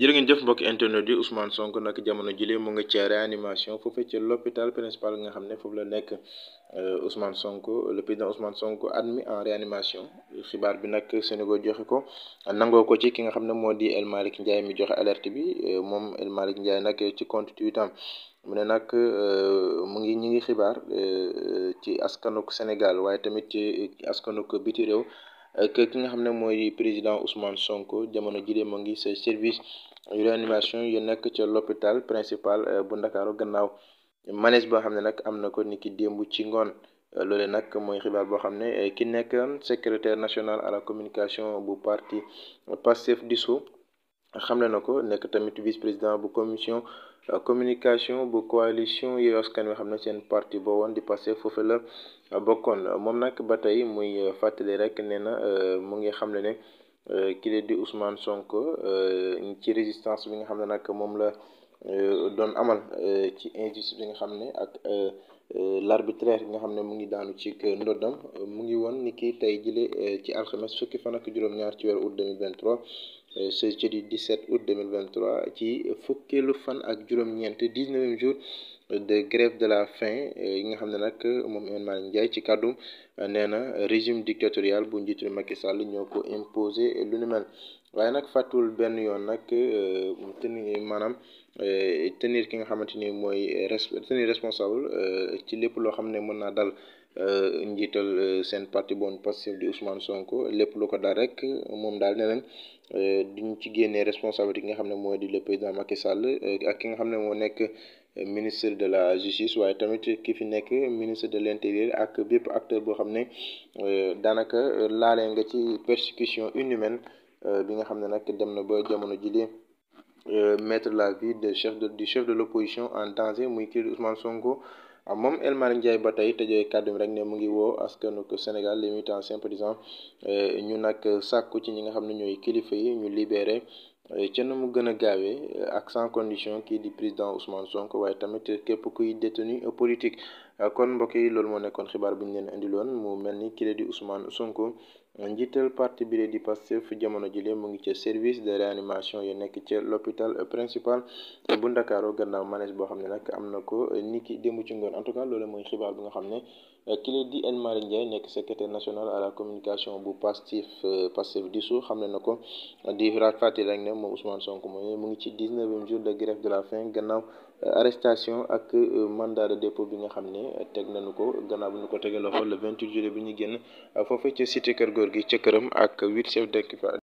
jërë ngeen jëf mbokk internet yi Ousmane sonk nag jamono jile mu ngi ci réanimation foofu ci l'hôpital principal nga xam ne foofu la nekk euh, Ousmane Sonko le président sonk Sonko admis en réanimation xibaar bi nag Sénégal joxe ko nangoo ko ci ki nga xam ne moo di El Malick mi joxe alerte bi euh, moom El Malick Ndiaye nag ci compte Twitter mu ne nag euh, mu ngi ñi ngi xibaar ci askanuk Sénégal waaye tamit ci askanuk biti réew que ki nga xam ne mooy président Ousmane Sonko jamono jii de mu ngi sa service réanimation yu nekk ca l'hôpital principal euh, bu Ndakaaru gannaaw malaise boo xam ne nag am na ko ni ki démb ci ngoon euh, loole nag mooy xibaar boo xam ne euh, ki nekk secrétaire national à la communication bu parti di dissous xam na ko nekk tamit vice président bu commission euh, communication bu coalition Yewwi Askan Wi xam ne seen parti boo woon di passé foofu la euh, bokkoon moom nag ba tey muy euh, fàttali rek nee na mu ngi xam ne kii di Ousmane Sonko ci résistance bi nga xam ne nag moom la. Euh, doon amal euh, ci injustice bi nga xam ne ak euh, l'arbitraire bi nga xam ne mu ngi daanu ci ndoddam mu ngi woon ni ki tey jëlee ci alxames fukki fan ak juróom-ñaar ci weeru août 2023 ce jeudi 17 août 2023 ci fukkeelu fan ak juróom-ñeent 19e jour de grève de la fin yi nga xam ne nag moom Imam Malick Ndiaye ci kàddu nee na régime dictatorial bu njiitu Macky Sall ñoo ko imposé lu ni mel waaye nag fàttuwul benn yoon nag euh, tenir maanaam euh, tenir ki nga xamante ni mooy tenir responsable euh, ci lépp loo xam ne mën naa dal njiital seen parti bon Pastef di Ousmane Sonko lépp lu ko dal rek moom daal ne leen duñ ci génnee responsabilité ki nga xam ne moo di le président Sall ak ki nga xam ne moo nekk ministre de la justice waaye tamit ki fi nekk ministre de l'intérieur ak bépp acteur boo xam ne daanaka laale nga ci persécution inhumaine Euh, bi nga xam ne nag dem na ba jamono ji li euh, mettre la vie de chef de du chef de l'opposition en danger muy kii di sonko Sonko ah, moom El Malick ba tey tëjee kàddu bi rek ne mu ngi woo askanu Sénégal les militants sympathisants euh, ñu nag sàkku ci ñi nga xam ne ñooy kilifa yi ñu libeere ca na mu gën a gaawee ak sans condition kii di président Ousmane Sonko waaye tamit képp kuy détenu politique Euh, kon mbokk yi loolu moo nekkoon xibaar bu ñu leen indiloon mu mel ni kii di Ousmane Sonko njiital parti bi di Pastef jamono jile mu ngi ca service de réanimation yu nekk ca l'hôpital principal bu Ndakaaru gannaaw manège boo xam ne nag am na ko ki démb ci en tout cas loolu mooy xibaar bi nga xam ne euh, kile di El Malick Ndiaye nekk secrétaire national à la communication bu Pastef euh, Pastef di su xam ne na ko di fàttali rek ne moom Ousmane Sonko mooy mu ngi ci 19e jour de grève de la fin gannaaw arrestation ak euh, mandat de dépôt bi nga xam ne euh, teg nañu ko gannaaw bu ñu ko tegee loxo le 28 juillet bi ñu génn euh, foofee ca cité kër góor gi ca këram ak huit chefs d'équipage